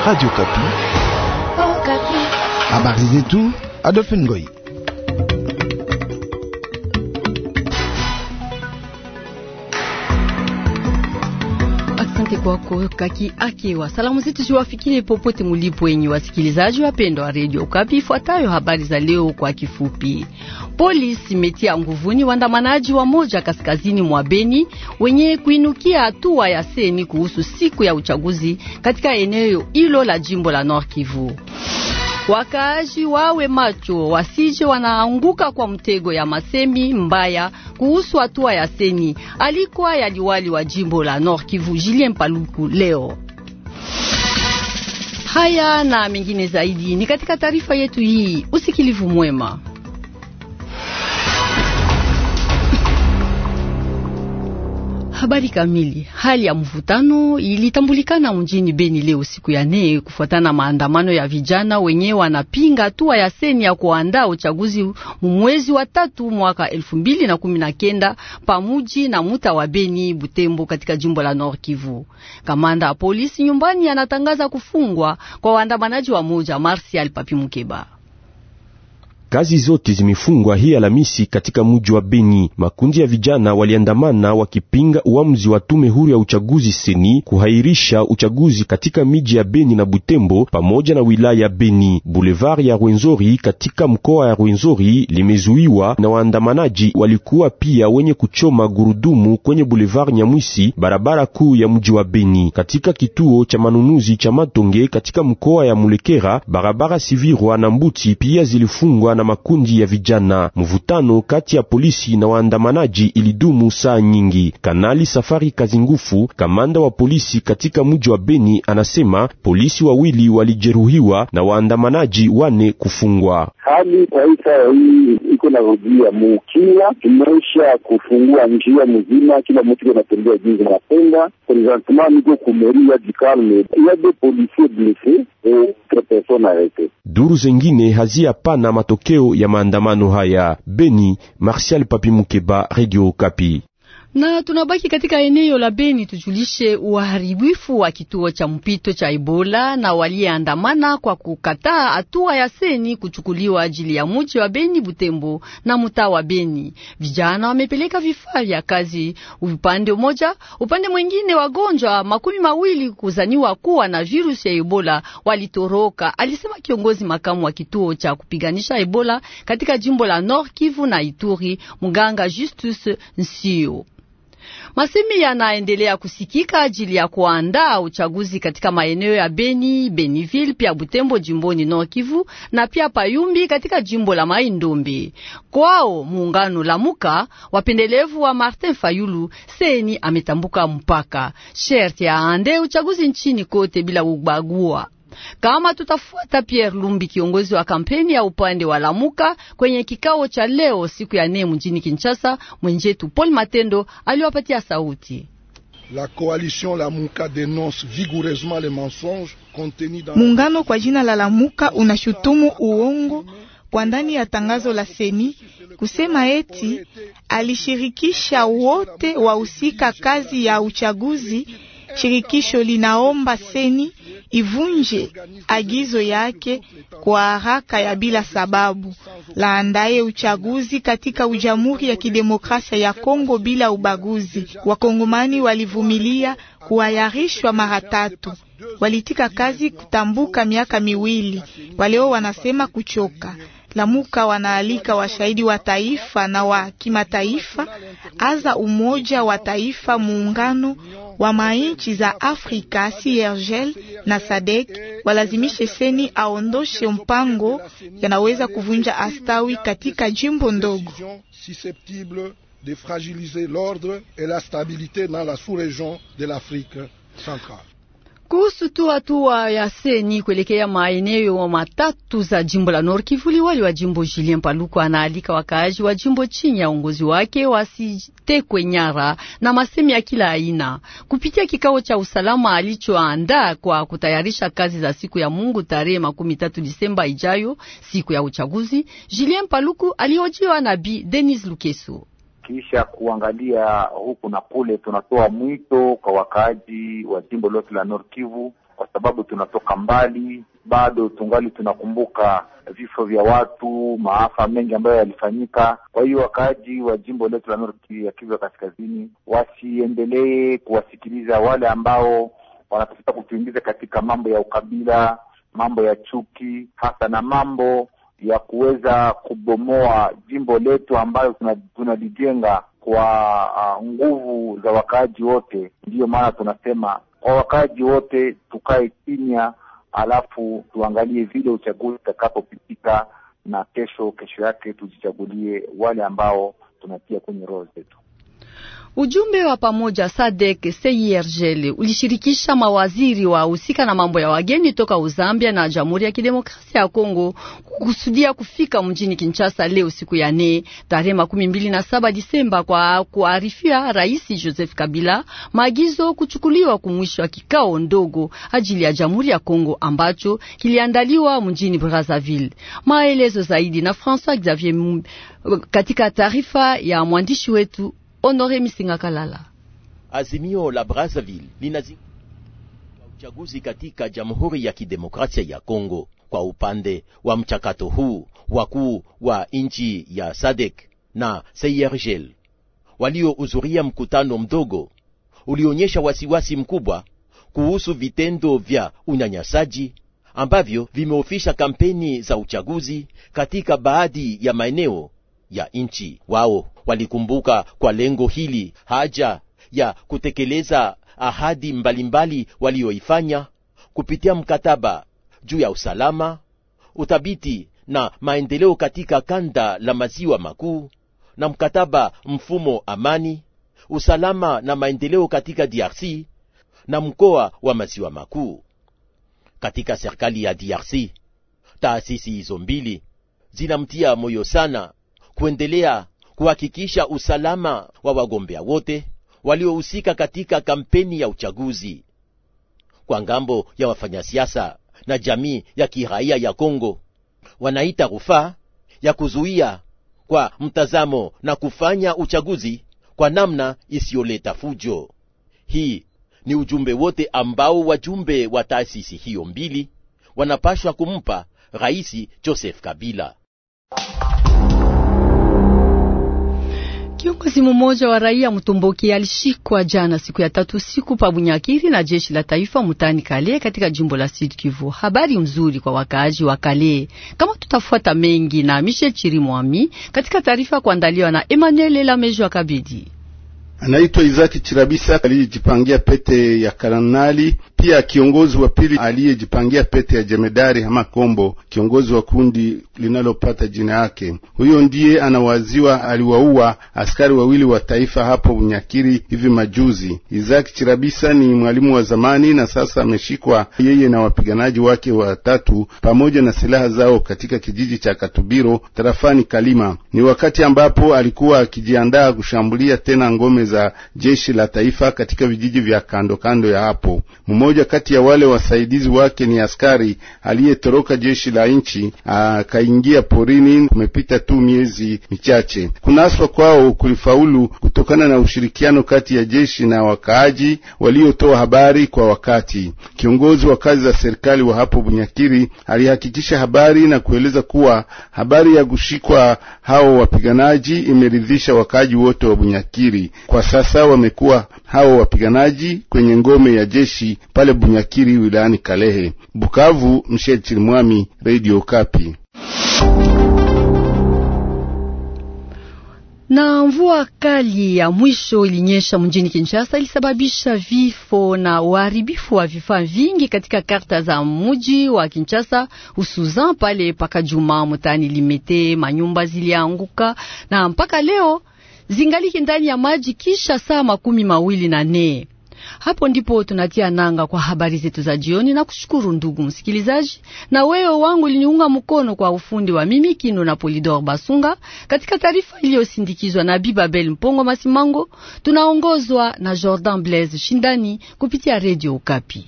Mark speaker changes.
Speaker 1: Radio Kapi. Oh, Kapi. Habari zetu Adolphe Ngoi.
Speaker 2: Asante kwako Kaki akiwa Salamu zetu ziwafikie popote mulipo, enyi wasikilizaji wapendwa wa redio Okapi. Ifuatayo habari za leo kwa kifupi. Polisi imetia nguvuni waandamanaji wa moja kaskazini mwa Beni wenye kuinukia hatua ya seni kuhusu siku ya uchaguzi katika eneo hilo la jimbo la Nord Kivu. Wakaaji wawe macho, wasije wanaanguka kwa mtego ya masemi mbaya kuhusu hatua ya seni. Alikuwa ya liwali wa jimbo la Nord Kivu Julien Paluku leo. Haya na mengine zaidi ni katika taarifa yetu hii. Usikilivu mwema. Habari kamili. Hali ya mvutano ilitambulikana mjini Beni leo siku ya nne kufuatana maandamano ya vijana wenye wanapinga hatua ya seni ya kuandaa uchaguzi mwezi wa tatu mwaka elfu mbili na kumi na kenda pamuji na muta wa Beni Butembo katika jimbo la Nord Kivu. Kamanda wa polisi nyumbani anatangaza kufungwa kwa waandamanaji wa moja Marsial Papi Mukeba.
Speaker 1: Kazi zote zimefungwa hii Alhamisi katika mji wa Beni. Makundi ya vijana waliandamana wakipinga uamuzi wa tume huru ya uchaguzi seni kuhairisha uchaguzi katika miji ya Beni na Butembo pamoja na wilaya ya Beni. Boulevard ya Rwenzori katika mkoa ya Rwenzori limezuiwa na waandamanaji, walikuwa pia wenye kuchoma gurudumu kwenye Boulevard Nyamwisi, barabara kuu ya mji wa Beni. Katika kituo cha manunuzi cha Matonge katika mkoa ya Mulekera, barabara Sivirwa na Mbuti pia zilifungwa na makundi ya vijana. Mvutano kati ya polisi na waandamanaji ilidumu saa nyingi. Kanali Safari Kazingufu, kamanda wa polisi katika mji wa Beni, anasema polisi wawili walijeruhiwa na waandamanaji wane kufungwa.
Speaker 3: Hali
Speaker 4: kwa hii saa hii iko narudia mukila tumeisha kufungua njia mzima, kila mtu anatembea jinsi anapenda. Presentement niko kumeria jikalme yade polisi blese e,
Speaker 1: Duru zengine hazia pana matokeo matokeo ya maandamano haya. Beni, Martial Papi Mukeba, Radio Kapi.
Speaker 2: Na tunabaki katika eneo la Beni, tujulishe uharibifu wa kituo cha mpito cha Ebola na waliyeandamana kwa kukataa hatua ya seni kuchukuliwa ajili ya muji wa Beni, Butembo na mtaa wa Beni. Vijana wamepeleka vifaa vya kazi upande mmoja, upande mwingine wagonjwa makumi mawili kuzaniwa kuwa na virusi ya Ebola walitoroka, alisema kiongozi makamu wa kituo cha kupiganisha Ebola katika jimbo la Nord Kivu na Ituri, mganga Justus Nsio. Masemi yanaendelea kusikika ajili ya kuandaa uchaguzi katika maeneo ya Beni, Beniville, pia Butembo jimboni Nord Kivu na pia Payumbi katika jimbo la Maindombe. Kwao muungano Lamuka, wapendelevu wa Martin Fayulu, seni ametambuka mpaka sherti aande uchaguzi nchini kote bila ubagua. Kama tutafuata Pierre Lumbi, kiongozi wa kampeni ya upande wa Lamuka, kwenye kikao cha leo siku ya nne mjini Kinshasa, mwenjetu Paul Matendo aliwapatia sauti.
Speaker 3: La coalition Lamuka denonce vigoureusement les mensonges contenus dans
Speaker 2: Muungano kwa jina la Lamuka unashutumu uongo kwa ndani ya tangazo la seni kusema eti alishirikisha wote wahusika kazi ya uchaguzi. Shirikisho linaomba seni ivunje agizo yake kwa haraka ya bila sababu, laandaye uchaguzi katika ujamuri ya Kidemokrasia ya Kongo bila ubaguzi. Wakongomani walivumilia kuayarishwa mara tatu, walitika kazi kutambuka miaka miwili, waleo wanasema kuchoka. Lamuka wanaalika washahidi wa taifa na wa kimataifa, aza Umoja wa Taifa, muungano wa mainchi za Afrika CIRGL na SADEK walazimishe Seni aondoshe mpango yanaweza kuvunja astawi katika jimbo ndogo
Speaker 3: de fragiliser l'ordre et la stabilité dans la sous-région de l'Afrique centrale.
Speaker 2: Kuhusu tu hatua ya seni kuelekea maeneo matatu za jimbo la Nord Kivu, liwali wa jimbo Julien Paluku anaalika wakaaji wa jimbo chini ya uongozi wake wasitekwe nyara na masemi ya kila aina. Kupitia kikao cha usalama alichoandaa kwa kutayarisha kazi za siku ya Mungu tarehe makumi tatu Disemba ijayo, siku ya uchaguzi, Julien Paluku aliojiwa na Bi Denis lukesu
Speaker 4: kisha kuangalia huku na kule, tunatoa mwito kwa wakaaji wa jimbo lote la North Kivu, kwa sababu tunatoka mbali, bado tungali tunakumbuka vifo vya watu, maafa mengi ambayo yalifanyika. Kwa hiyo wakaaji wa jimbo letu la Kivu ya Kivu ya kaskazini wasiendelee kuwasikiliza wale ambao wanatafuta kutuingiza katika mambo ya ukabila, mambo ya chuki, hasa na mambo ya kuweza kubomoa jimbo letu ambayo tunalijenga kwa uh, nguvu za wakaaji wote. Ndiyo maana tunasema kwa wakaaji wote tukae kimya, alafu tuangalie vile uchaguzi utakapopitika, na kesho kesho yake tujichagulie wale ambao tunatia kwenye roho zetu.
Speaker 2: Ujumbe wa pamoja SADC CIRGL ulishirikisha mawaziri wa husika na mambo ya wageni toka Uzambia na Jamhuri ya Kidemokrasia ya Kongo kukusudia kufika mjini Kinshasa leo siku ya nne tarehe makumi mbili na saba Disemba kwa kuarifia Rais Joseph Kabila maagizo kuchukuliwa kumwisho wa kikao ndogo ajili ya Jamhuri ya Kongo ambacho kiliandaliwa mjini Brazzaville. Maelezo zaidi na François Xavier katika taarifa ya mwandishi wetu Honore Misingakalala.
Speaker 4: Azimio la Brazzaville linazingatia uchaguzi katika Jamhuri ya Kidemokrasia ya Kongo. Kwa upande wa mchakato huu, wakuu wa nchi ya SADC na CIRGL waliohudhuria mkutano mdogo ulionyesha wasiwasi mkubwa kuhusu vitendo vya unyanyasaji ambavyo vimeofisha kampeni za uchaguzi katika baadhi ya maeneo ya nchi. Wao walikumbuka kwa lengo hili haja ya kutekeleza ahadi mbalimbali walioifanya kupitia mkataba juu ya usalama, uthabiti na maendeleo katika kanda la maziwa makuu na mkataba mfumo amani, usalama na maendeleo katika DRC na mkoa wa maziwa makuu. Katika serikali ya DRC, taasisi hizo mbili zinamtia moyo sana kuendelea kuhakikisha usalama wa wagombea wote waliohusika katika kampeni ya uchaguzi kwa ngambo ya wafanyasiasa na jamii ya kiraia ya Kongo. Wanaita rufaa ya kuzuia kwa mtazamo na kufanya uchaguzi kwa namna isiyoleta fujo. Hii ni ujumbe wote ambao wajumbe wa taasisi hiyo mbili wanapashwa kumpa Rais Joseph Kabila.
Speaker 2: Kiongozi mmoja wa raia Mtumbuki alishikwa jana siku ya tatu siku pa Bunyakiri na jeshi la taifa mutani Kale katika jimbo la Sud Kivu. Habari mzuri kwa wakaaji wa Kale, kama tutafuata mengi na Mishe Chirimwami katika taarifa kuandaliwa na Emmanuel Elamejo kabidi
Speaker 3: Anaitwa Izaki Chirabisa alijipangia pete ya kanali pia kiongozi wa pili aliyejipangia pete ya jemedari ama kombo, kiongozi wa kundi linalopata jina yake. Huyo ndiye anawaziwa aliwaua askari wawili wa taifa hapo Unyakiri hivi majuzi. Isaac Chirabisa ni mwalimu wa zamani na sasa ameshikwa yeye na wapiganaji wake watatu pamoja na silaha zao katika kijiji cha Katubiro tarafani Kalima. Ni wakati ambapo alikuwa akijiandaa kushambulia tena ngome za jeshi la taifa katika vijiji vya kando kando ya hapo Mumo mmoja kati ya wale wasaidizi wake ni askari aliyetoroka jeshi la nchi akaingia porini. Kumepita tu miezi michache kunaswa kwao kulifaulu kutokana na ushirikiano kati ya jeshi na wakaaji waliotoa habari kwa wakati. Kiongozi wa kazi za serikali wa hapo Bunyakiri alihakikisha habari na kueleza kuwa habari ya kushikwa hao wapiganaji imeridhisha wakaaji wote wa Bunyakiri. Kwa sasa wamekuwa hao wapiganaji kwenye ngome ya jeshi pale Bunyakiri wilayani Kalehe. Bukavu, Mshel Chirimwami, Radio Kapi.
Speaker 2: Na mvua kali ya mwisho ilinyesha mjini Kinshasa ilisababisha vifo na uharibifu wa vifaa vingi katika karta za mji wa Kinshasa, hususan pale paka Juma mutani Limete. Manyumba zilianguka na mpaka leo zingaliki ndani ya maji kisha saa makumi mawili na nne. Hapo ndipo tunatia nanga kwa habari zetu za jioni, na kushukuru ndugu msikilizaji, na wewe wangu uliniunga mkono kwa ufundi wa mimi Kino na Polidor Basunga. Katika taarifa iliyosindikizwa na Bibabel Mpongo Masimango, tunaongozwa na Jordan Blaise Shindani kupitia Radio Okapi.